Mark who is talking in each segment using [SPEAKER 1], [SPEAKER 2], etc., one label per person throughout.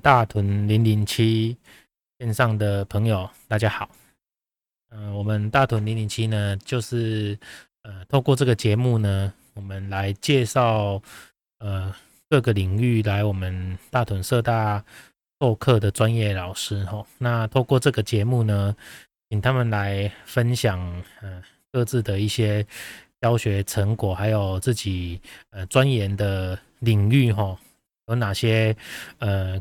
[SPEAKER 1] 大屯零零七線上的朋友，大家好。嗯、呃，我們大屯零零七呢，就是呃，透過這個節目呢，我們來介紹呃各個領域來我們大屯社大授課的專業老師哈、哦。那透過這個節目呢，請他們來分享呃各自的一些教學成果，還有自己呃鑽研的領域哈、哦，有哪些呃。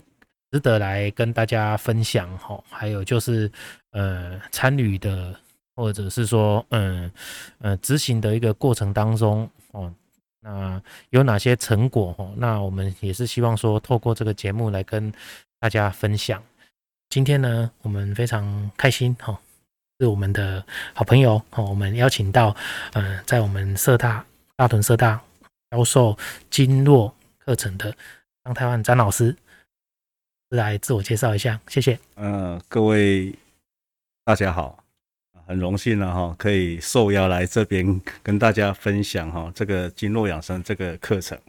[SPEAKER 1] 值得來跟大家分享哈，還有就是呃參與的或者是說嗯呃執、呃、行的一個過程當中哦，那有哪些成果哈、哦？那我們也是希望說透過這個節目來跟大家分享。今天呢，我們非常開心哈、哦，是我們的好朋友哈、哦，我們邀請到嗯、呃，在我們社大大屯社大教授經絡課程的張泰萬張老師。來自我介紹一下，謝謝。嗯、
[SPEAKER 2] 呃，各位大家好，很榮幸了哈、哦，可以受邀來這邊跟大家分享哈、哦、這個經絡養生這個課程。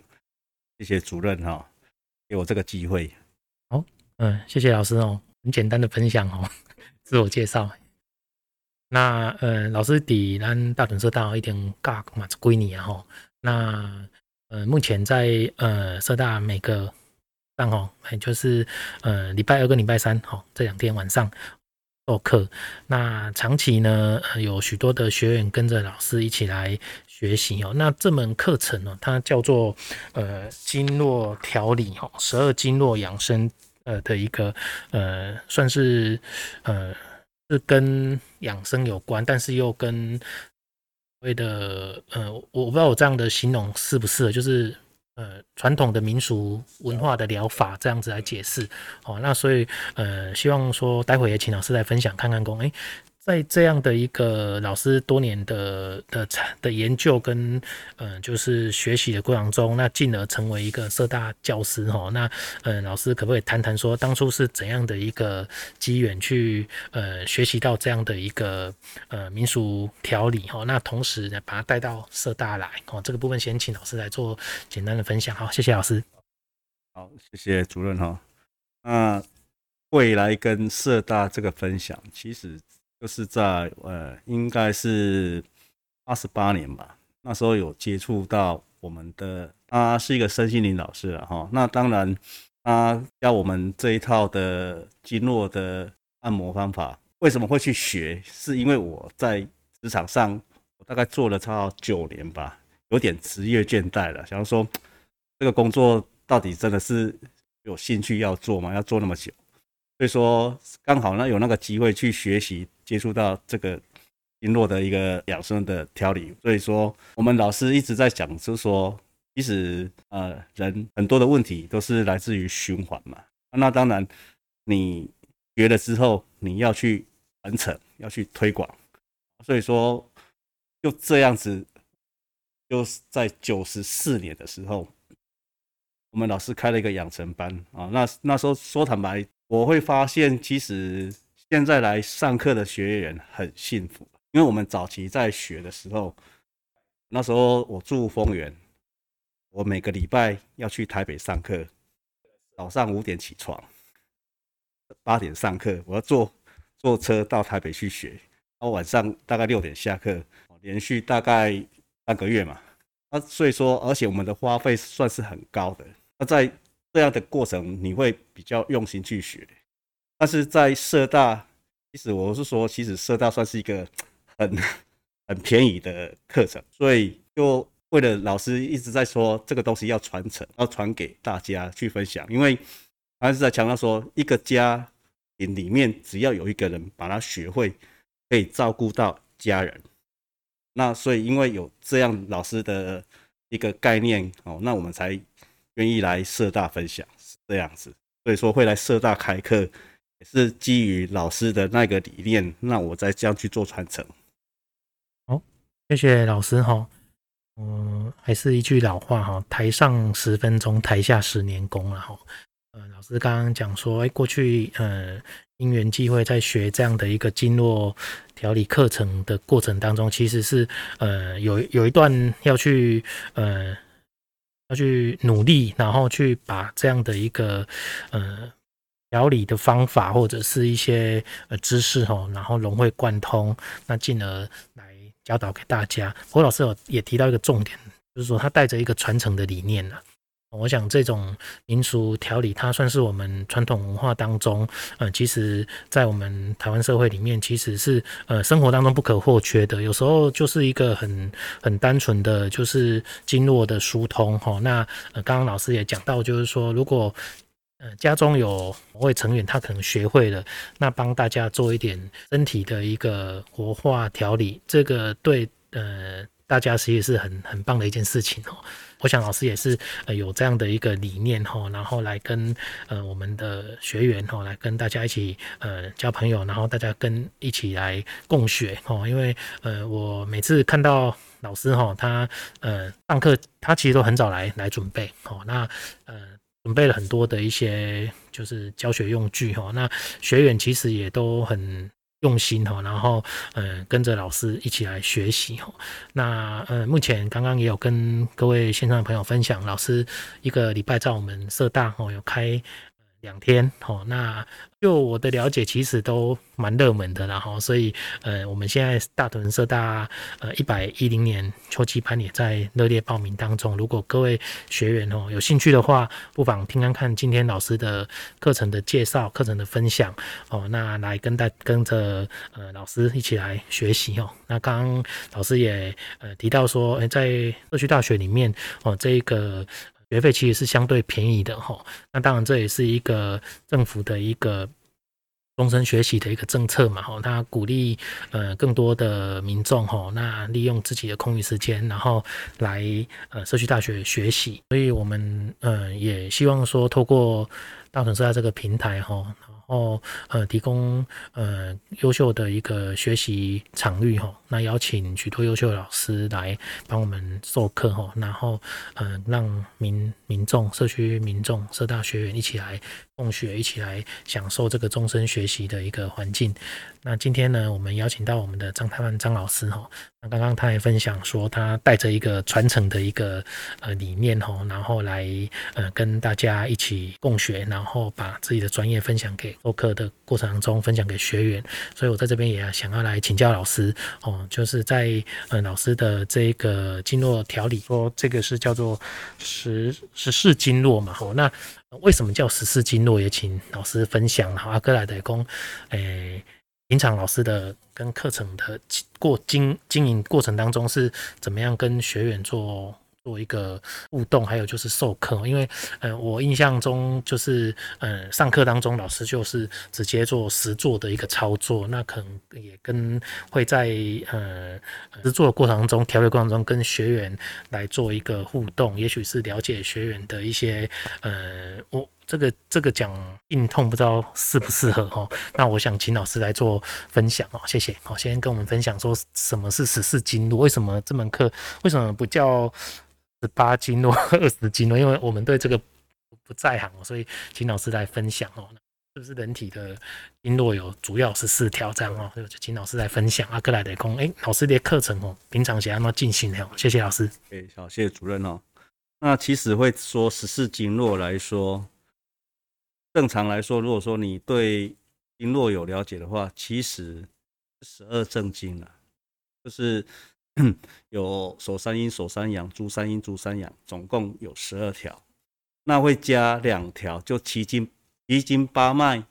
[SPEAKER 2] 謝謝主任哈、哦，給我這個機會。
[SPEAKER 1] 好、哦，嗯、呃，謝謝老師哦，很簡單的分享哦，自我介紹。 那呃，
[SPEAKER 2] 老師底單
[SPEAKER 1] 大屯社大一點尬嘛，就歸你啊哈。那呃，目前在呃社大每個。哦，就是呃，禮拜二跟禮拜三哦，這兩天晚上做課。那長期呢，有許多的學員跟着老師一起來學習哦。那這門課程呢，它叫做呃經絡調理哦，十二經絡養生呃的一個呃，算是呃是跟養生有關，但是又跟所謂的呃，我我不知道我這樣的形容適不適合，就是。呃，傳統的民俗文化的療法這樣子來解釋，好、哦，那所以呃，希望說待會也請老師來分享，看看公欸在這樣的一個老師多年的的的研究跟嗯、呃，就是學習的過程中，那進而成為一個社大教師哦，那嗯、呃，老師可不可以談談說當初是怎樣的一個機緣去呃學習到這樣的一個呃民俗調理哈、哦？那同時呢，把它帶到社大來哦。這個部分先請老師來做簡單的分享。好、哦，謝
[SPEAKER 2] 謝老師。好，謝謝主任哈。那、哦呃、未來跟社大這個分享，其實。就是在呃，應該是二十八年吧。那時候有接觸到我們的，他、啊、是一個身心靈老師哈。那當然，他教我們這一套的經絡的按摩方法。為什麼會去學？是因為我在職場上，我大概做了差不多九年吧，有點職業倦怠了。想說這個工作到底真的是有興趣要做嗎？要做那麼久，所以說剛好呢，有那個機會去學習。接觸到這個經絡的一個養生的調理，所以說我們老師一直在講，就是說，其實呃，人很多的問題都是來自於循環嘛。那當然，你學了之後，你要去完成，要去推廣。所以說就這樣子，就是在九十四年的時候，我們老師開了一個養成班啊。那那時候說坦白，我會發現其實。現在來上課的學員很幸福，因為我們早期在學的時候，那時候我住豐原，我每個禮拜要去台北上課，早上五點起床，八點上課，我要坐坐車到台北去學，然後晚上大概六點下課，連續大概半個月嘛。那所以說，而且我們的花費算是很高的。那在這樣的過程，你會比較用心去學，但是在社大。其實我是說，其實社大算是一個很很便宜的課程，所以就為了老師一直在說這個東西要傳承，要傳給大家去分享。因為好像是在強調說，一個家裡面只要有一個人把它學會，可以照顧到家人。那所以因為有這樣老師的一個概念哦，那我們才願意來社大分享是這樣子。所以說會來社大開課。也是基於老師的那個理念，那我再這樣去做傳承。
[SPEAKER 1] 好，哦，謝謝老師哈。嗯，還是一句老話哈，“台上十分鐘，台下十年功了”了哈。呃，老師剛剛講說，哎，欸，過去呃、嗯，因緣際會在學這樣的一個經絡調理課程的過程當中，其實是呃、嗯，有有一段要去呃、嗯、要去努力，然後去把這樣的一個呃。嗯調理的方法或者是一些呃知識哈，然後融會貫通，那進而來教導給大家。不過老師有也提到一個重點，就是說他帶着一個傳承的理念呢。我想這種民俗調理，它算是我們傳統文化當中，呃，其實，在我們台灣社會裡面，其實是呃生活當中不可或缺的。有時候就是一個很很單純的就是經絡的疏通吼，那剛剛老師也講到，就是說如果嗯，家中有某位成員，他可能學會了，那幫大家做一點身體的一個活化調理，這個對呃大家其實是很很棒的一件事情哦。我想老師也是呃有這樣的一個理念哈、哦，然後來跟呃我們的學員哈、哦，來跟大家一起呃交朋友，然後大家跟一起來共學哦。因為呃我每次看到老師哈、哦，他呃上課他其實都很早來來準備哦，那呃。準備了很多的一些就是教學用具哈，那學員其實也都很用心哈，然後嗯跟着老師一起來學習哈，那呃目前剛剛也有跟各位線上的朋友分享，老師一個禮拜在我們社大哦有開。兩天哦，那就我的了解，其實都蠻熱門的，然後所以呃，我們現在大屯社大呃一百一零年秋季班也在熱烈報名當中。如果各位學員哦有興趣的話，不妨聽聽看，看今天老師的課程的介紹，課程的分享哦，那來跟大跟着呃老師一起來學習哦。那剛剛老師也呃提到說，誒，在社區大學裡面哦，這一個。學費其實是相對便宜的哈，那當然這也是一個政府的一個終身學習的一個政策嘛哈，它鼓勵呃更多的民眾哈，那利用自己的空餘時間，然後來呃社區大學學習，所以我們嗯、呃、也希望說，透過大屯社區這個平台哈。哦，呃，提供呃優秀的一個學習場域吼、哦，那邀請許多優秀的老師來幫我們授課吼、哦，然後嗯、呃，讓民民眾、社區民眾、社大學員一起來。共學一起來享受這個終身學習的一個環境。那今天呢，我們邀請到我們的張泰萬張老師哈。那剛剛他也分享說，他帶着一個傳承的一個呃理念哈，然後來呃跟大家一起共學，然後把自己的專業分享給 o g 的過程當中分享給學員。所以我在這邊也想要來請教老師哦，就是在呃老師的這個經絡調理，說這個是叫做十十四經絡嘛哈、嗯、那。為什麼叫十四經絡？也請老師分享。好，阿哥來台工，誒、欸，平常老師的跟課程的過經經營過程當中是怎麼樣跟學員做做一個互動，還有就是授課，因為，呃，我印象中就是，呃，上課當中老師就是直接做實作的一個操作，那可能也跟會在，呃，實作的過程中，調理過程中跟學員來做一個互動，也許是了解學員的一些，呃，我這個這個講硬痛不知道適不適合哦，那我想請老師來做分享哦，謝謝，好，哦，先跟我們分享說什麼是十四經絡，為什麼這門課為什麼不叫？十八經絡、二十經絡，因為我們對這個不在行，所以請老師來分享哦。是不是人體的經絡有主要十四條這樣哦？所以就請老師來分享。阿克萊德工，哎，老師的課程哦，平常是怎麼進行哦，謝謝老師。哎、
[SPEAKER 2] okay，好，謝謝主任哦。那其實會說十四經絡來說，正常來說，如果說你對經絡有了解的話，其實十二正經啊，就是。 有手三陰、手三陽、足三陰、足三陽，總共有十二條。那會加兩條，就奇經、奇經八脈，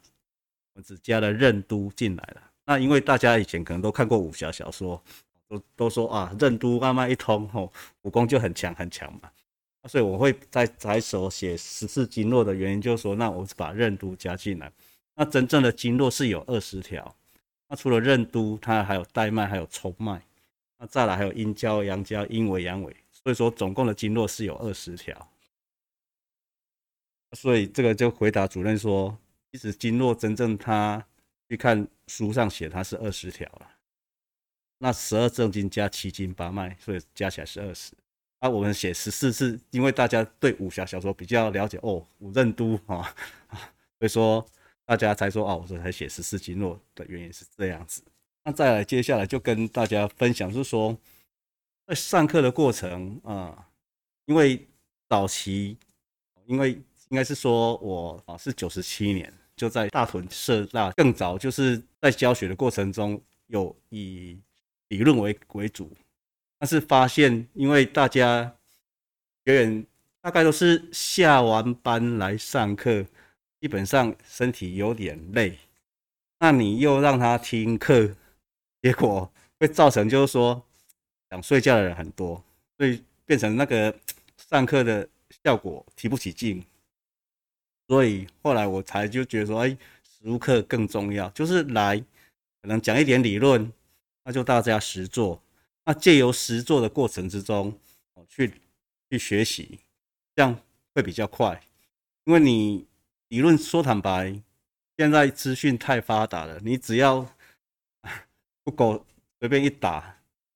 [SPEAKER 2] 我只加了任督進來了。那因為大家以前可能都看過武俠小、小說，都都說啊，任督二脈一通後、哦，武功就很強很強嘛。所以我會在在手寫十四經絡的原因，就是說，那我把任督加進來。那真正的經絡是有二十條，那除了任督，它還有帶脈，還有衝脈。那、啊、再來還有陰交、陽交、陰維、陽維，所以說總共的經絡是有二十條。所以這個就回答主任說，其實經絡真正他去看書上寫它是二十條了，那十二正經加奇經八脈，所以加起來是二十。啊，我們寫十四是因為大家對武俠小說比較了解哦，武任督哈、啊，所以說大家才說哦、啊，我說才寫十四經絡的原因是這樣子。那再來，接下來就跟大家分享，是說在上課的過程啊，因為早期，因為應該是說我啊是九十七年就在大屯社大，更早就是在教學的過程中有以理論為為主，但是發現因為大家有點大概都是下完班來上課，基本上身體有點累，那你又讓他聽課。結果會造成，就是說想睡覺的人很多，所以變成那個上課的效果提不起勁。所以後來我才就覺得說，哎，實務課更重要，就是來可能講一點理論，那就大家實做。那借由實做的過程之中，去去學習，這樣會比較快。因為你理論說坦白，現在資訊太發達了，你只要。Google 隨便一打，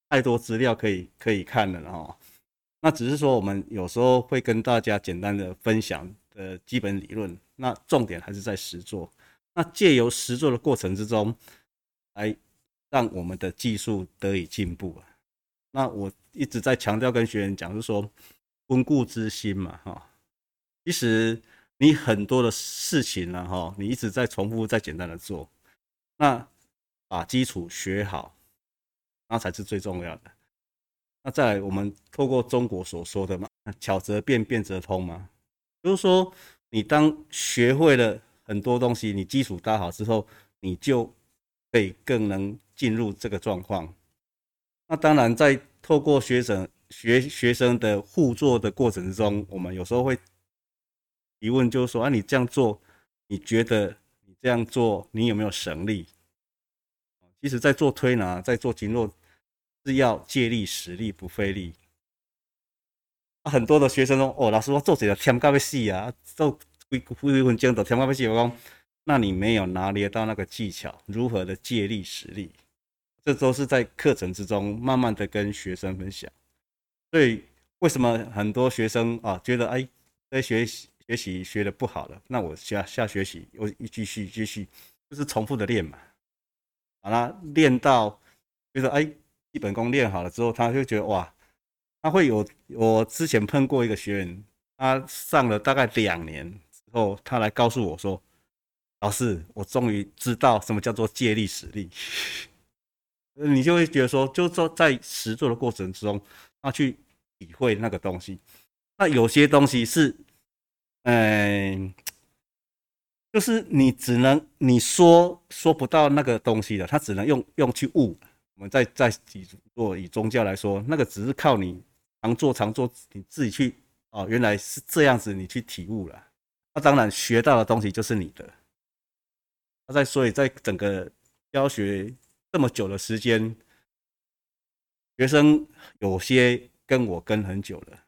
[SPEAKER 2] 太多資料可以可以看了了、哦、哈。那只是說我們有時候會跟大家簡單的分享的基本理論，那重點還是在實作。那借由實作的過程之中，來讓我們的技術得以進步啊。那我一直在強調跟學員講，就是說，溫故知新嘛哈、哦。其實你很多的事情了、啊、哈、哦，你一直在重複在簡單的做，那。把基礎學好，那才是最重要的。那在我們透過中國所說的嘛，巧則變，變則通嘛。就是說，你當學會了很多東西，你基礎打好之後，你就會更能進入這個狀況。那當然，在透過學生學學生的互作的過程中，我們有時候會提問，就是說，啊，你這樣做，你覺得你這樣做，你有沒有省力？一直在做推拿，在做經絡是要借力使力，不費力、啊。很多的學生說，哦，老師說做起來天高不細啊，做微微很 g e n t l 天高不細，我說那你沒有拿捏到那個技巧，如何的借力使力，這都是在課程之中慢慢的跟學生分享。所以為什麼很多學生啊，覺得哎，在學習學習學的不好了，那我下下學習我繼續繼續，就是重複的練嘛。把它練到，比如說，哎，基本功練好了之後，他就覺得哇，他會有。我之前碰過一個學員，他上了大概兩年之後，他來告訴我說：“老師，我終於知道什麼叫做借力使力。”你就會覺得說，就說在實做的過程之中，他去體會那個東西。那有些東西是，嗯、呃。就是你只能你說說不到那個東西的，他只能用用去悟。我們在在以以宗教來說，那個只是靠你常做常做，你自己去哦，原來是這樣子，你去體悟了，啊。那，啊、當然學到的東西就是你的。那在所以，在整個教學這麼久的時間，學生有些跟我跟很久了，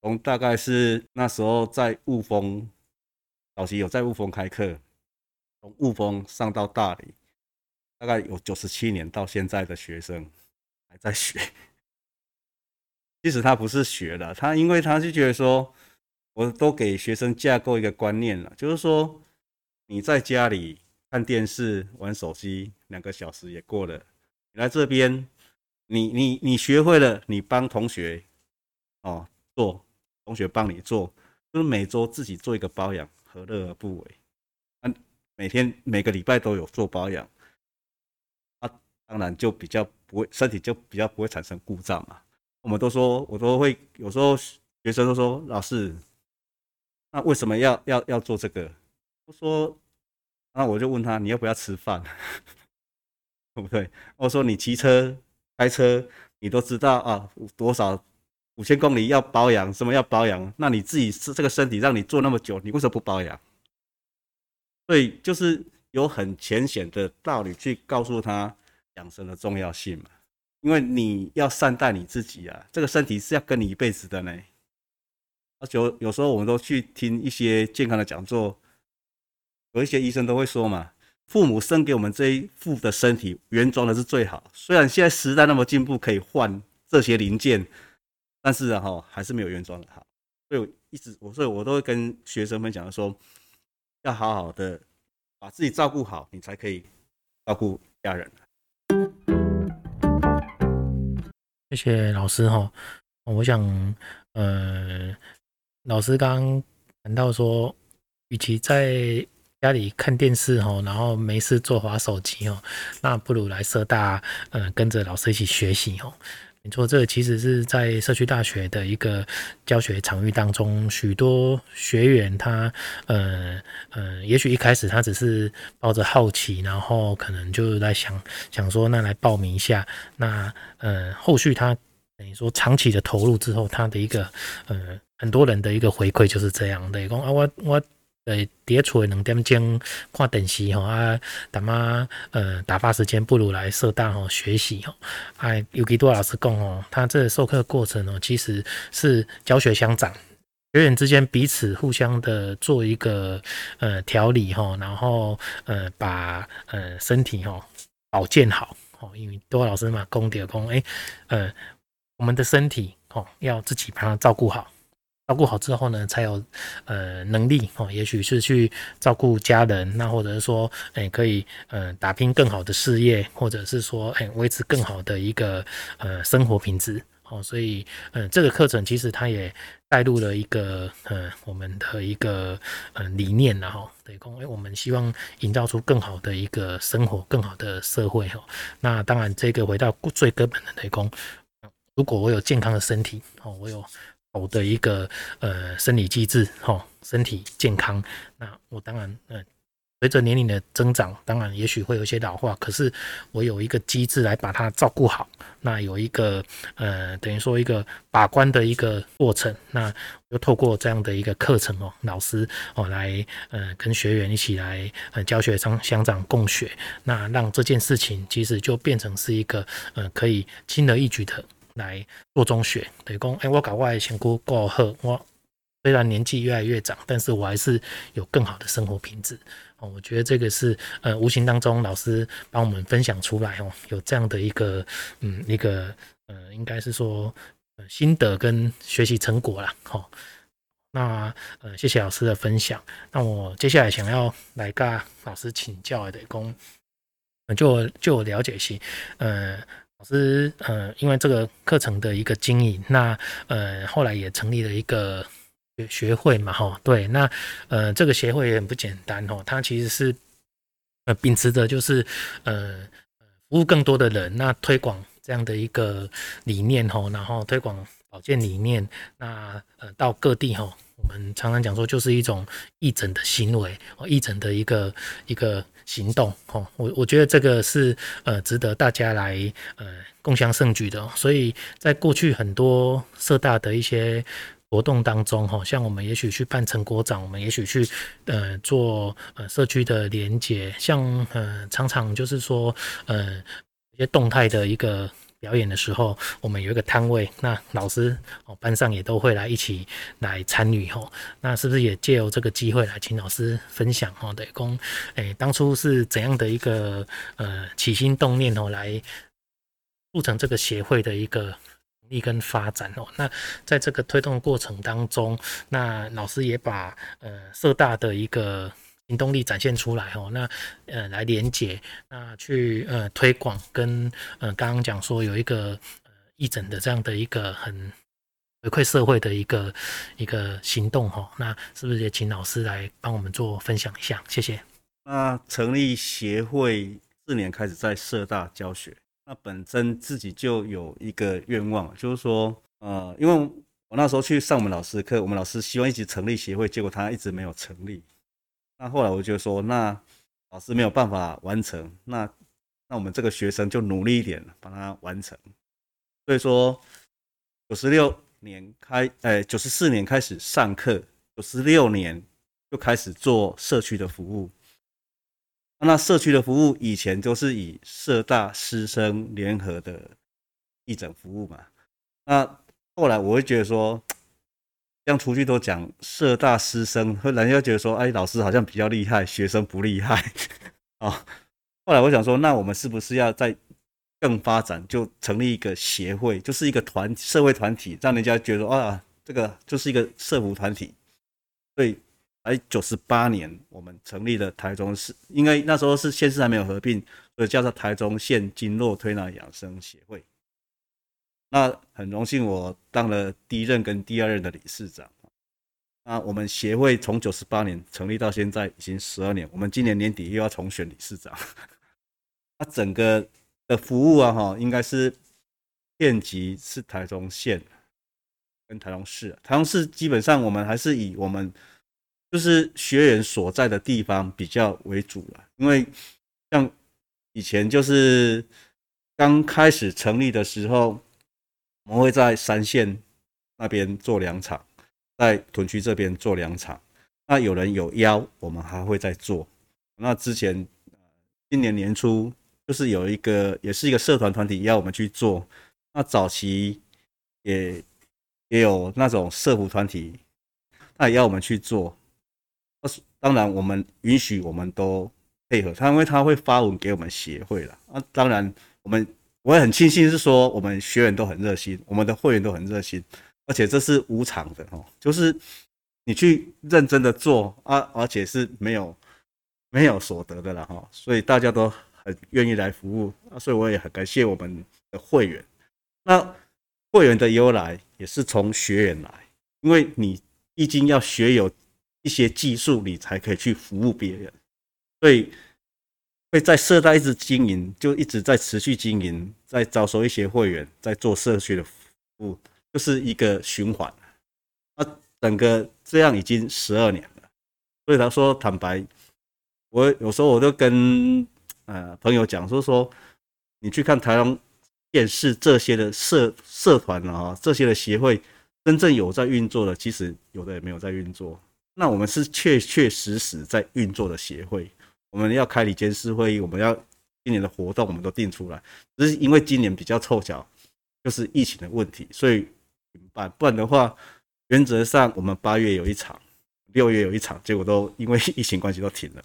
[SPEAKER 2] 從大概是那時候在悟風。老師有在霧峰開課，從霧峰上到大里，大概有九十七年到現在的學生還在學。其實他不是學的，他因為他是覺得說，我都給學生架構一個觀念了，就是說你在家裡看電視、玩手機兩個小時也過了，你來這邊，你你你學會了，你幫同學哦、喔、做，同學幫你做，就是每周自己做一個保養。何樂而不為？那每天每個禮拜都有做保養，啊，當然就比較不會身體就比較不會產生故障嘛。我們都說，我都會有時候學生都說老師，那為什麼要要要做這個？我說，那我就問他，你要不要吃飯？ 對不對？我說你騎車開車，你都知道啊，多少？五千公里要保養，什麼要保養？那你自己是這個身體讓你坐那麼久，你為什麼不保養？所以就是有很淺顯的道理去告訴他養生的重要性嘛。因為你要善待你自己啊，這個身體是要跟你一輩子的呢。而且有有時候我們都去聽一些健康的講座，有一些醫生都會說嘛，父母生給我們這一副的身體，原裝的是最好。雖然現在時代那麼進步，可以換這些零件。但是哈，還是沒有原裝的好，所以我一直，我所以，我都會跟學生們講說，要好好的把自己照顧好，你才可以照顧家人。
[SPEAKER 1] 謝謝老師哈，我想，嗯、呃，老師剛剛談到說，與其在家裡看電視哈，然後沒事做滑手機哦，那不如來社大，嗯、呃，跟着老師一起學習哦。沒錯，這個其實是在社區大學的一個教學場域當中，許多學員他，呃，呃，也許一開始他只是抱着好奇，然後可能就在想想說，那來報名一下。那，呃，後續他等於說長期的投入之後，他的一個，呃，很多人的一個回饋就是這樣的。啊，我我。呃，第一來的兩點鐘看電視吼啊，他媽呃打發時間不如來社大吼學習吼、哦。哎、啊，尤其多老師講哦，他這授課過程哦，其實是教學相長，學員之間彼此互相的做一個呃調理吼、哦，然後呃把呃身體吼、哦、保健好吼，因為多老師嘛空點空哎，呃我們的身體吼、哦、要自己把它照顧好。照顧好之後呢，才有，呃，能力哦，也許是去照顧家人，那或者是說，誒、欸、可以，呃，打拼更好的事業，或者是說，誒、欸、維持更好的一個，呃，生活品質，哦，所以，嗯、呃，這個課程其實它也帶入了一個，呃，我們的一個，呃，理念然後雷公，哎、欸，我們希望營造出更好的一個生活，更好的社會，哈、哦，那當然，這個回到最根本的雷公，如果我有健康的身體，哦，我有。好的一個呃生理機制，哈、哦，身體健康。那我當然，嗯、呃，隨着年齡的增長，當然也許會有一些老化，可是我有一個機制來把它照顧好。那有一個呃，等於說一個把關的一個過程。那我就透過這樣的一個課程哦，老師哦來，呃，跟學員一起來、呃、教學相相長共學。那讓這件事情其實就變成是一個，嗯、呃，可以輕而易舉的。來做中學，對公，哎，我搞外勤過過後，我雖然年紀越來越長，但是我還是有更好的生活品質。哦，我覺得這個是呃，無形當中老師幫我們分享出來哦，有這樣的一個嗯，一個嗯，呃，應該是說，呃，心得跟學習成果啦。哦。那呃，謝謝老師的分享。那我接下來想要來跟老師請教的公，就就，我了解是，呃。老師，呃，因為這個課程的一個經營，那呃，後來也成立了一個學學會嘛，吼，對，那呃，這個協會也很不簡單哦，它其實是，呃，秉持着就是呃服務更多的人，那推廣這樣的一個理念，吼，然後推廣保健理念，那呃到各地，吼，我們常常講說就是一種義診的行為，哦，義診的一個一個。行動，哦，我我覺得這個是呃值得大家來呃共襄盛舉的，所以在過去很多社大的一些活動當中，吼，像我們也許去辦成果展，我們也許去呃做呃社區的聯結，像呃常常就是說呃一些動態的一個，表演的時候，我們有一個攤位，那老師哦，班上也都會來一起來參與哦。那是不是也借由這個機會來請老師分享哦？對，供誒、欸、當初是怎樣的一個呃起心動念哦，來促成這個協會的一個力跟發展哦？那在這個推動的過程當中，那老師也把呃，社大的一個。行動力展現出來哦，那呃來連接，那去呃推廣跟呃剛剛講說有一個義診、呃、的這樣的一個很回饋社會的一個一個行動吼，那是不是也請老師來幫我們做分享一下？謝謝。
[SPEAKER 2] 那成立協會四年開始在社大教學，那本身自己就有一個願望，就是說呃因為我那時候去上我們老師的課，我們老師希望一直成立協會，結果他一直沒有成立。那後來我就說，那老師沒有辦法完成，那那我們這個學生就努力一點，把它完成。所以說，九十六年開，哎，九十四年開始上課，九十六年就開始做社區的服務。那社區的服務以前都是以社大師生聯合的義診服務嘛。那後來我會覺得說。這樣出去都講社大師生，後來又覺得說，哎，老師好像比較厲害，學生不厲害啊、哦。後來我想說，那我們是不是要再更發展，就成立一個協會，就是一個團，社會團體，讓人家覺得說，啊，這個就是一個社福團體。所以，哎，九十八年我們成立了台中市，因為那時候是縣市還沒有合併，所以叫做台中縣經絡推拿養生協會。那很榮幸，我當了第一任跟第二任的理事長。啊，我們協會從九十八年成立到現在已經十二年，我們今年年底又要重選理事長啊。他整個的服務啊，哈，應該是遍及是台中縣跟台中市啊。台中市基本上我們還是以我們就是學員所在的地方比較為主了啊，因為像以前就是剛開始成立的時候。我們會在三線那邊做兩場，在屯區這邊做兩場。那有人有邀，我們還會再做。那之前今年年初，就是有一個也是一個社團團體要我們去做。那早期也也有那種社服團體，那也要我們去做。當然我們允許，我們都配合。他因為他會發文給我們協會了。那當然我們。我也很慶幸，是說我們學員都很熱心，我們的會員都很熱心，而且這是無償的哈，就是你去認真的做啊，而且是沒有沒有所得的了哈，所以大家都很願意來服務，所以我也很感謝我們的會員。那會員的由來也是從學員來，因為你畢竟要學有一些技術，你才可以去服務別人，所以。在社大一直經營，就一直在持續經營，在招收一些會員，在做社區的服務，就是一個循環。啊，整個這樣已經十二年了。所以他說坦白，我有時候我都跟、呃、朋友講，說說你去看台灣電視這些的社社團啊、哦，這些的協會真正有在運作的，其實有的也沒有在運作。那我們是確確實實在運作的協會。我們要開理監事會議，我們要今年的活動，我們都定出來。只是因為今年比較湊巧，就是疫情的問題，所以辦，不然的話，原則上我們八月有一場，六月有一場，結果都因為疫情關係都停了，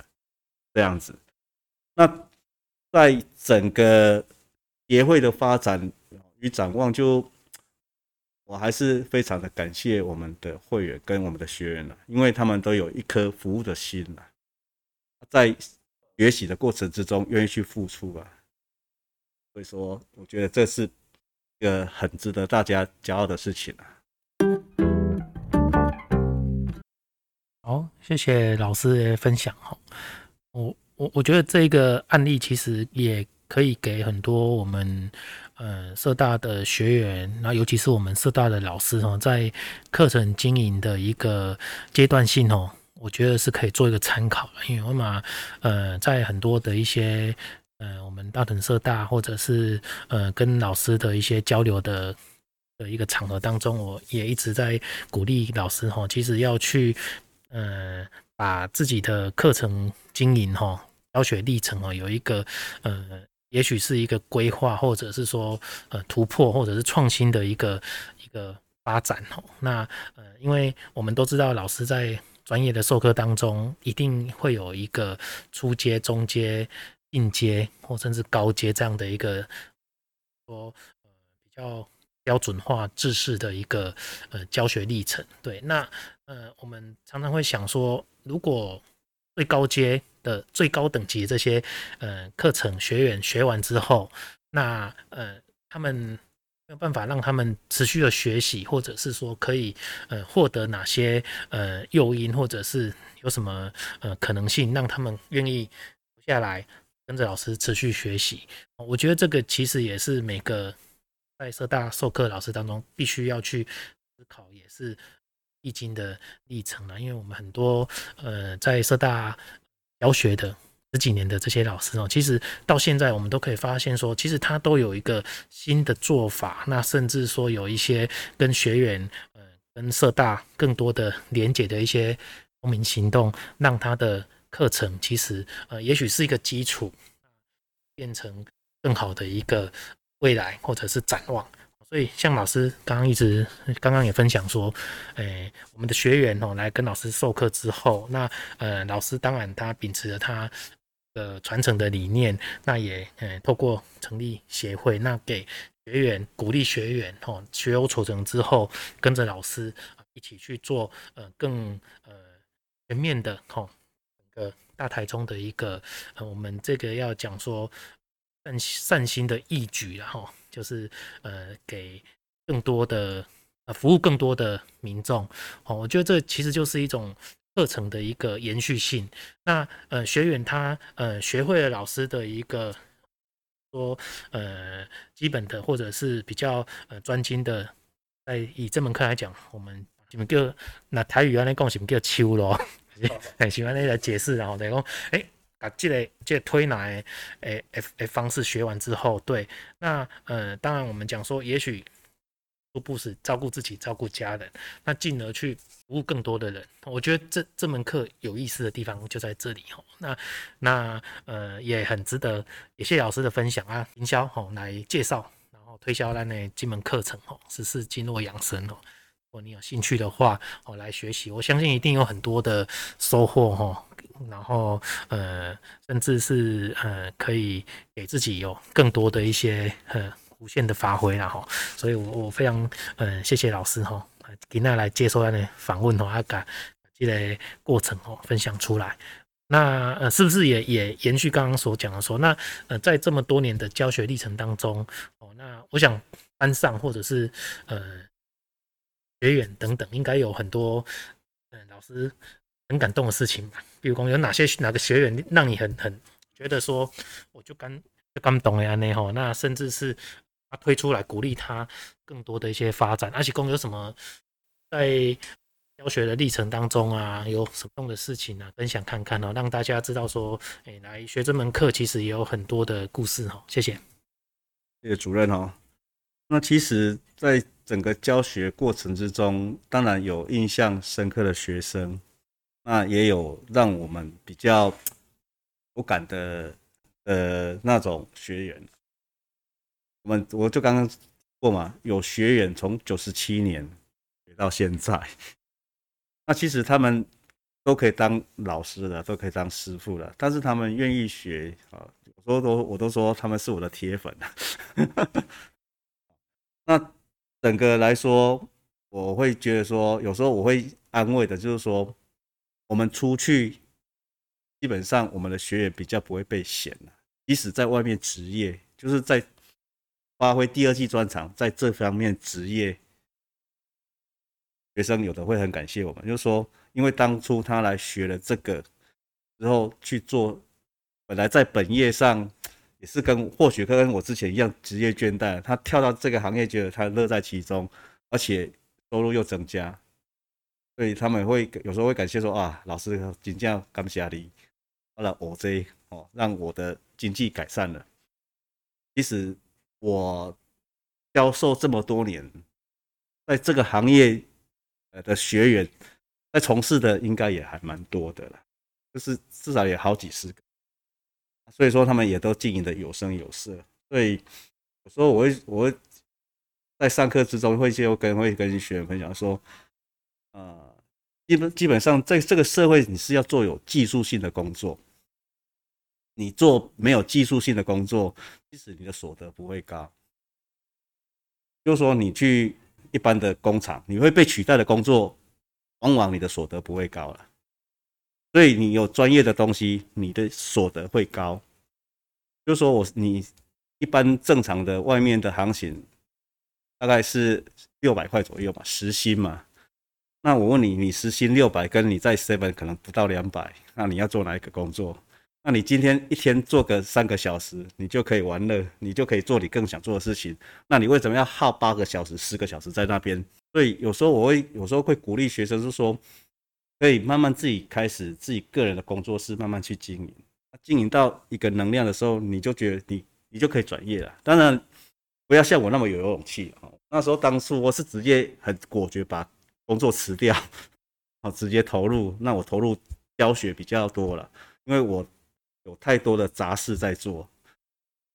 [SPEAKER 2] 這樣子。那在整個協會的發展與展望，就我還是非常的感謝我們的會員跟我們的學員了，因為他們都有一顆服務的心啦，在。學習的過程之中，願意去付出吧。所以說，我覺得這是一個很值得大家驕傲的事情啊。
[SPEAKER 1] 好，謝謝老師的分享哈。我我我覺得這個案例其實也可以給很多我們社大的學員，那尤其是我們社大的老師哈，在課程經營的一個階段性哦。我覺得是可以做一個參考，因為嘛，呃，在很多的一些呃，我們大屯社大或者是呃，跟老師的一些交流的的一個場合當中，我也一直在鼓勵老師哈，其實要去呃，把自己的課程經營哈，教學歷程哦，有一個呃，也許是一個規劃，或者是說呃，突破，或者是創新的一個一個發展哦。那呃，因為我們都知道老師在專業的授課當中，一定會有一個初階、中階、進階，或甚至高階這樣的一個說呃比較標準化制式的一個呃教學歷程。對，那呃我們常常會想說，如果最高階的最高等級這些呃課程學員學完之後，那呃他們。沒有辦法讓他們持續的學習，或者是說可以呃獲得哪些呃誘因，或者是有什麼呃可能性讓他們願意留下來跟着老師持續學習？我覺得這個其實也是每個在社大授課老師當中必須要去思考，也是必經的歷程了。因為我們很多呃在社大教學的。十幾年的這些老師哦，其實到現在我們都可以發現說，其實他都有一個新的做法。那甚至說有一些跟學員、嗯，跟社大更多的連接的一些公民行動，讓他的課程其實，呃，也許是一個基礎，變成更好的一個未來或者是展望。所以像老師剛剛一直剛剛也分享說，誒，我們的學員哦來跟老師授課之後，那呃，老師當然他秉持着他。呃，傳承的理念，那也呃透過成立協會，那給學員鼓勵學員吼，學有所成之後，跟着老師一起去做呃，更呃全面的吼，整個大台中的一個呃，我們這個要講說善善心的義舉，然後就是呃，給更多的服務更多的民眾好，我覺得這其實就是一種。課程的一個延續性，那呃學員他呃學會了老師的一個說呃基本的或者是比較呃專精的，在以這門課來講，我們你們就那台語要 來講什麼叫秋咯？很喜歡那個解釋，然後等於說，把這個、個、這個、推拿誒誒誒方式學完之後，對，那呃當然我們講說，也許。不不是照顧自己，照顧家人，那進而去服務更多的人。我覺得這這門課有意思的地方就在這裡吼。那那呃也很值得，也謝謝老師的分享啊，營銷吼來介紹，然後推銷咱呢這門課程哦，十四經絡養生哦。如果你有興趣的話，哦來學習，我相信一定有很多的收穫哦。然後呃甚至是呃可以給自己有更多的一些呃。無限的發揮了哈，所以我我非常嗯謝謝老師哈，給那來接受他的訪問和阿甲這個過程哈，分享出來。那呃是不是也也延續剛剛所講的說，那呃在這麼多年的教學歷程當中，哦那我想班上或者是呃學員等等，應該有很多嗯老師很感動的事情吧？比如講有哪些哪個學員讓你很很覺得說，我就感就感動的安內吼，那甚至是。他推出來鼓勵他更多的一些發展。阿奇公，有什麼在教學的歷程當中啊，有什麼樣的事情啊，分享看看哦、喔，讓大家知道說，誒、欸，來學這門課其實也有很多的故事哈、喔。謝謝，
[SPEAKER 2] 謝謝主任哦、喔。那其實，在整個教學過程之中，當然有印象深刻的學生，那也有讓我們比較有感的呃那種學員。我們我就剛剛過嘛，有學員從九十七年學到現在，那其實他們都可以當老師的，都可以當師傅的，但是他們願意學啊，有時候都我都說他們是我的鐵粉。 那整個來說，我會覺得說，有時候我會安慰的，就是說，我們出去，基本上我們的學員比較不會被嫌，即使在外面職業，就是在。發揮第二季專長，在這方面，職業學生有的會很感謝我們，就是說因為當初他來學了這個，然後去做，本來在本業上也是跟或許跟跟我之前一樣職業倦怠，他跳到這個行業，覺得他樂在其中，而且收入又增加，所以他們會有時候會感謝說啊，老師真的感謝你，好了，我這哦讓我的經濟改善了，其實。我教授這麼多年，在這個行業的學員，在從事的應該也還蠻多的了，就是至少有好幾十個，所以說他們也都經營得有聲有色。所以有時候我會，我我會在上課之中會就跟會跟學員分享說，呃，基本基本上在這個社會，你是要做有技術性的工作。你做沒有技術性的工作，即使你的所得不會高，就是說你去一般的工廠，你會被取代的工作，往往你的所得不會高了。所以你有專業的東西，你的所得會高。就是說我你一般正常的外面的行情，大概是六百塊左右吧，時薪嘛。那我問你，你時薪六百，跟你在 seven 可能不到兩百，那你要做哪一個工作？那你今天一天做個三個小時，你就可以玩樂，你就可以做你更想做的事情。那你為什麼要耗八個小時、十個小時在那邊？所以有時候我會有時候會鼓勵學生，就是說可以慢慢自己開始自己個人的工作室，慢慢去經營。經營到一個能量的時候，你就覺得你你就可以轉業了。當然不要像我那麼有勇氣哦。那時候當初我是直接很果決把工作辭掉，好直接投入。那我投入教學比較多了，因為我。有太多的雜事在做，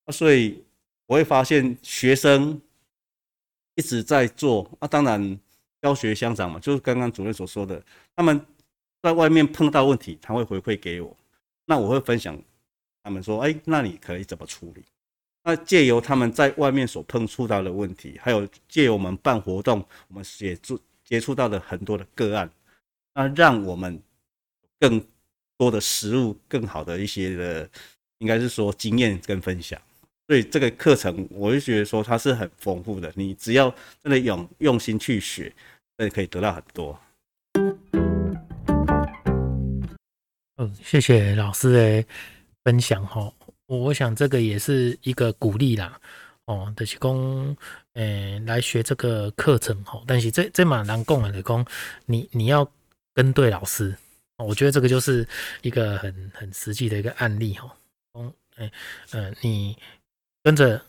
[SPEAKER 2] 啊，所以我會發現學生一直在做，啊。那當然，教學相長嘛，就是剛剛主任所說的。他們在外面碰到問題，他會回饋給我，那我會分享他們說：“哎，那你可以怎麼處理？”那借由他們在外面所碰觸到的問題，還有借由我們辦活動，我們協助接觸到的很多的個案，啊，那讓我們更。多的食物，更好的一些的，應該是說經驗跟分享。所以這個課程，我就覺得說它是很豐富的。你只要真的用用心去學，那可以得到很多。
[SPEAKER 1] 嗯，謝謝老師的分享哈。我想這個也是一個鼓勵啦。哦、就是，德是公，嗯，來學這個課程哈。但是這這蠻難共的，你你要跟對老師。我覺得這個就是一個很很實際的一個案例哦。嗯，哎，呃，你跟着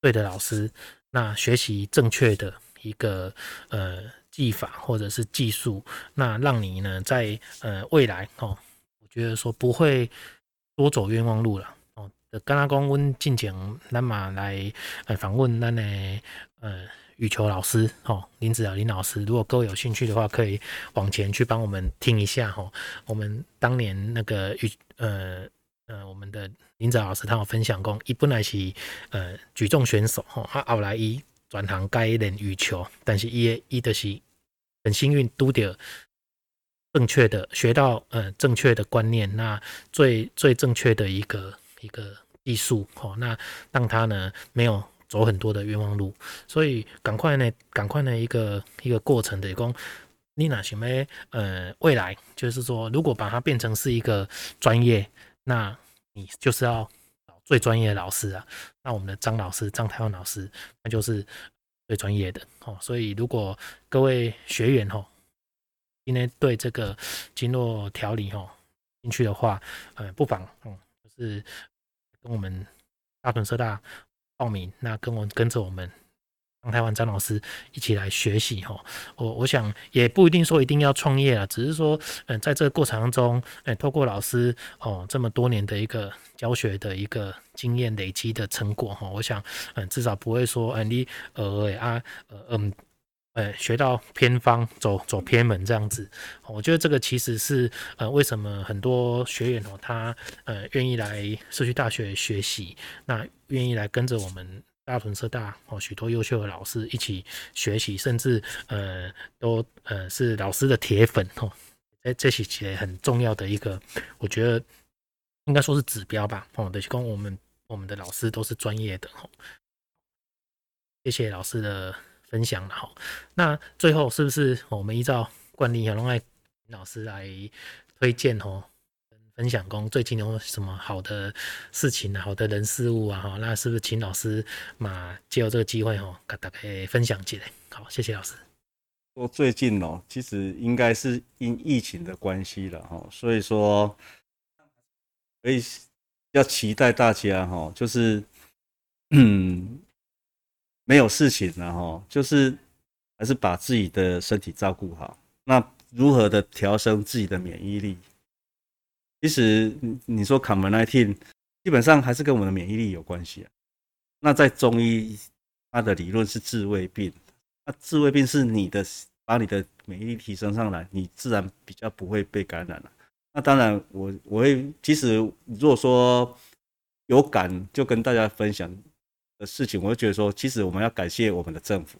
[SPEAKER 1] 對的老師，那學習正確的一個呃技法或者是技術，那讓你呢在呃未來哦，我覺得說不會多走冤枉路了哦。的，剛剛剛溫進前來馬來訪問那呢，嗯。羽球老師，吼林子老林老師，如果各位有興趣的話，可以往前去幫我們聽一下，吼，我們當年那個羽，呃呃，我們的林子老,老師他有分享過，伊本來是呃舉重選手，吼，他後來一轉行改練羽球，但是伊伊的是很幸運都得正確的學到呃正確的觀念，那最最正確的一個一個藝術，吼、哦，那讓他呢沒有。走很多的冤枉路，所以趕快呢，趕快呢一個一個過程的講，你哪想要，呃未來，就是說如果把它變成是一個專業，那你就是要找最專業的老師啊。那我們的張老師，張泰萬老師，那就是最專業的哦。所以如果各位學員吼，今天對這個經絡調理吼，興趣的話，呃不妨嗯，就是跟我們大屯社大。報名，那跟着我們跟着我們張泰萬張老師一起來學習哈。我、哦、我想也不一定說一定要創業啊，只是說，嗯，在這個過程當中，嗯、哎，透過老師哦這麼多年的一個教學的一個經驗累積的成果哈、哦，我想，嗯，至少不會說，哎你呃啊呃、嗯，你呃啊呃嗯。呃，學到偏方，走走偏門這樣子，我覺得這個其實是呃，為什麼很多學員哦，他呃願意來社區大學學習，那願意來跟着我們大屯社大哦，許多優秀的老師一起學習，甚至呃都呃是老師的鐵粉哦，這這些很重要的一個，我覺得應該說是指標吧，吼，對，跟我們我們的老師都是專業的，謝謝老師的。分享了。好，那最後是不是我們依照慣例要讓愛老師來推薦哦？分享工，最近有什麼好的事情啊，好的人事物啊哈？那是不是請老師嘛借由這個機會哈，給大家分享起來？好，謝謝老師。
[SPEAKER 2] 說最近哦，其實應該是因疫情的關係了哈，所以說，所以要期待大家哈，就是嗯。沒有事情然後哈，就是還是把自己的身體照顧好。那如何的調升自己的免疫力？其實你說 COVID-19 基本上還是跟我們的免疫力有關係啊。那在中醫，它的理論是治未病。那治未病是你的把你的免疫力提升上來，你自然比較不會被感染了啊。那當然，我我會其實如果說有感，就跟大家分享。事情，我就覺得說，其實我們要感謝我們的政府。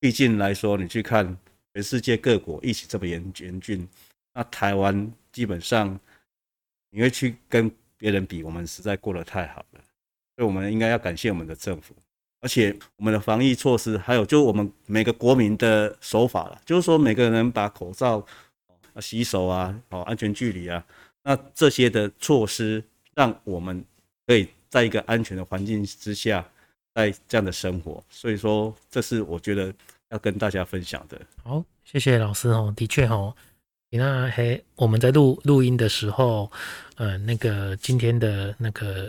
[SPEAKER 2] 畢竟來說，你去看全世界各國疫情這麼嚴嚴峻，那台灣基本上，你會去跟別人比，我們實在過得太好了，所以我們應該要感謝我們的政府，而且我們的防疫措施，還有就我們每個國民的手法了，就是說每個人把口罩、洗手啊、好安全距離啊，那這些的措施，讓我們可以。在一個安全的環境之下，在這樣的生活，所以說，這是我覺得要跟大家分享的。
[SPEAKER 1] 好，謝謝老師哦。的確哦，你那嘿，我們在錄錄音的時候，呃，那個今天的那個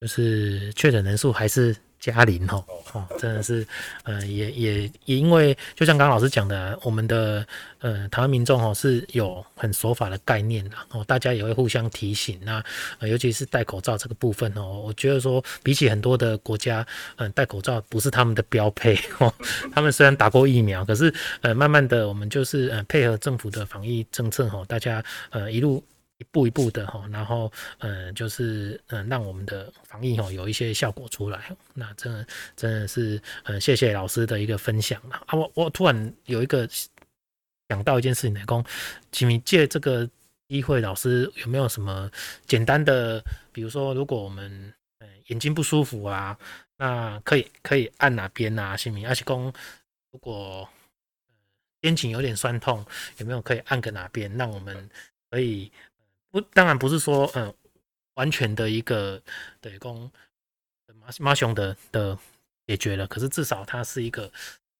[SPEAKER 1] 就是確診人數還是。嘉玲吼，哦，真的是，呃，也也也因為，就像剛剛老師講的，我們的呃台灣民眾哦是有很守法的概念的哦，大家也會互相提醒啊。那，呃，尤其是戴口罩這個部分哦，我覺得說比起很多的國家，嗯，呃，戴口罩不是他們的標配哦。他們雖然打過疫苗，可是呃，慢慢的我們就是呃配合政府的防疫政策吼，呃，大家呃一路。一步一步的哈，然後嗯，就是嗯，讓我們的防疫哈有一些效果出來。那這真，真的是嗯，謝謝老師的一個分享了啊，啊。我我突然有一個想到一件事情，來說，請你借這個機會，老師有沒有什麼簡單的？比如說，如果我們嗯眼睛不舒服啊，那可以可以按哪邊啊？啟明阿公，如果肩頸有點痠痛，有沒有可以按個哪邊，讓我們可以。不，當然不是說、呃、完全的一個對功，馬馬雄的的解決了，可是至少它是一個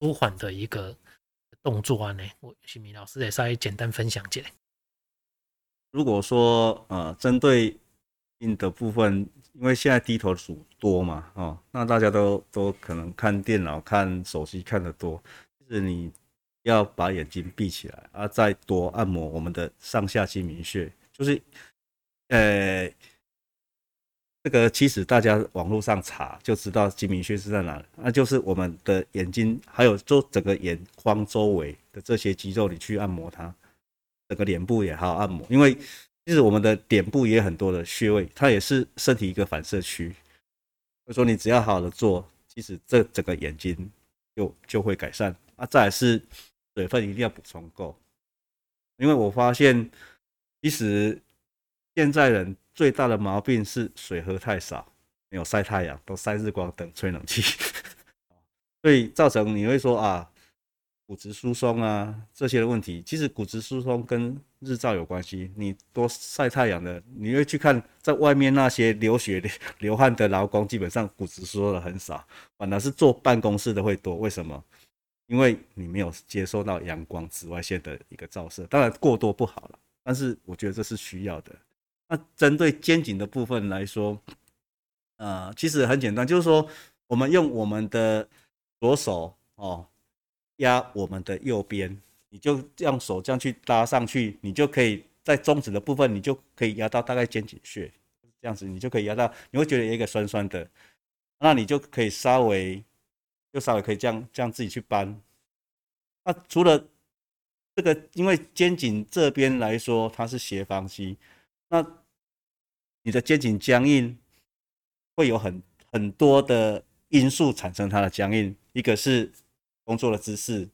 [SPEAKER 1] 舒緩的一個動作啊！呢，我希米老師也稍微簡單分享一下。
[SPEAKER 2] 如果說呃，針對硬的部分，因為現在低頭族多嘛，哦，那大家都都可能看電腦、看手機看得多，就是你要把眼睛閉起來，啊，再多按摩我們的上下睛明穴。就是，呃、欸，這個其實大家網絡上查就知道睛明穴是在哪，那就是我們的眼睛，還有周整個眼眶周圍的這些肌肉，你去按摩它，整個臉部也好好，按摩，因為其實我們的臉部也有很多的穴位，它也是身體一個反射區，所以說你只要好好的做，其實這整個眼睛就就會改善。啊，再來是水分一定要補充夠，因為我發現。其實現在人最大的毛病是水喝太少，沒有曬太陽，都曬日光燈、吹冷氣，所以造成你會說啊，骨質疏鬆啊這些的問題。其實骨質疏鬆跟日照有關係，你多曬太陽的，你會去看在外面那些流血流汗的勞工，基本上骨質疏鬆的很少，反而是坐辦公室的會多。為什麼？因為你沒有接收到陽光紫外線的一個照射，當然過多不好了。但是我覺得這是需要的。那針對肩頸的部分來說，啊，其實很簡單，就是說我們用我們的左手哦，壓我們的右邊，你就這樣手這樣去拉上去，你就可以在中指的部分，你就可以壓到大概肩頸穴，這樣子你就可以壓到，你會覺得有一個酸酸的，那你就可以稍微，就稍微可以這樣這樣自己去搬。那除了這個因為肩頸這邊來說，它是斜方肌。那你的肩頸僵硬，會有很很多的因素產生它的僵硬。一個是工作的姿勢，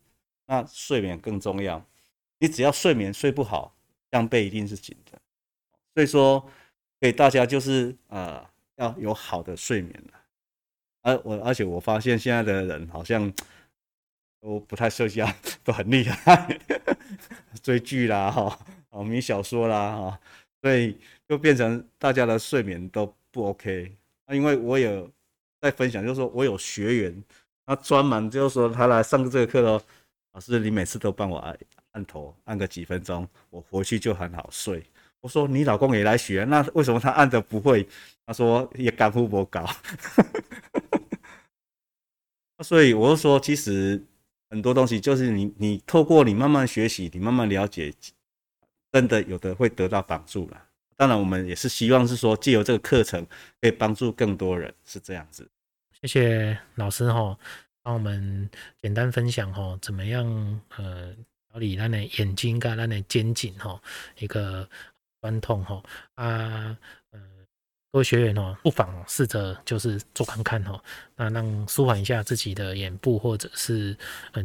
[SPEAKER 2] 那睡眠更重要。你只要睡眠睡不好，上背一定是緊的。所以說，給大家就是呃要有好的睡眠了。而、啊、我而且我發現現在的人好像。都不太社交，都很厲害， 追劇啦，哈，哦，迷小說啦，哈，所以就變成大家的睡眠都不 OK、啊。那因為我有在分享，就是說我有學員，他專門就是說他來上這個課的，老師你每次都幫我按按頭，按個幾分鐘，我回去就很好睡。我說你老公也來學、啊，那為什麼他按的不會？他說也敢付我搞。所以我就說，其實。很多東西就是你，你透過你慢慢學習，你慢慢了解，真的有的會得到幫助了。當然，我們也是希望是說，藉由這個課程可以幫助更多人，是這樣子。
[SPEAKER 1] 謝謝老師哈、喔，幫我們簡單分享哈、喔，怎麼樣呃，調理咱的眼睛跟咱的肩頸哈、喔，一個痠痛哈、喔、啊、呃各位學員哦，不妨試着就是做看看哦。那讓舒緩一下自己的眼部或者是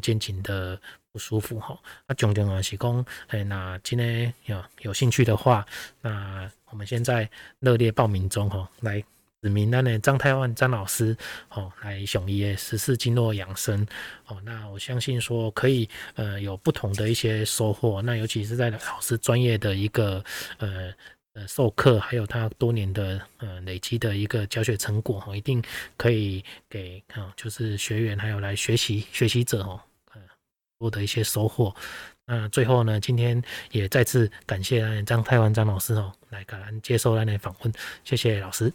[SPEAKER 1] 肩頸的不舒服哈。那、啊、重點啊是講，誒，那今天有有興趣的話，那我們現在熱烈報名中哈，來指名單的張泰萬張老師哦，來雄一些十四經絡養生哦。那我相信說可以呃有不同的一些收穫，那尤其是在老師專業的一個呃。呃，授課還有他多年的呃累積的一個教學成果，一定可以給啊，就是學員還有來學習學習者哦，獲得一些收穫。那最後呢，今天也再次感謝張泰萬張老師哦，來感恩接受來，來訪問，謝謝老師。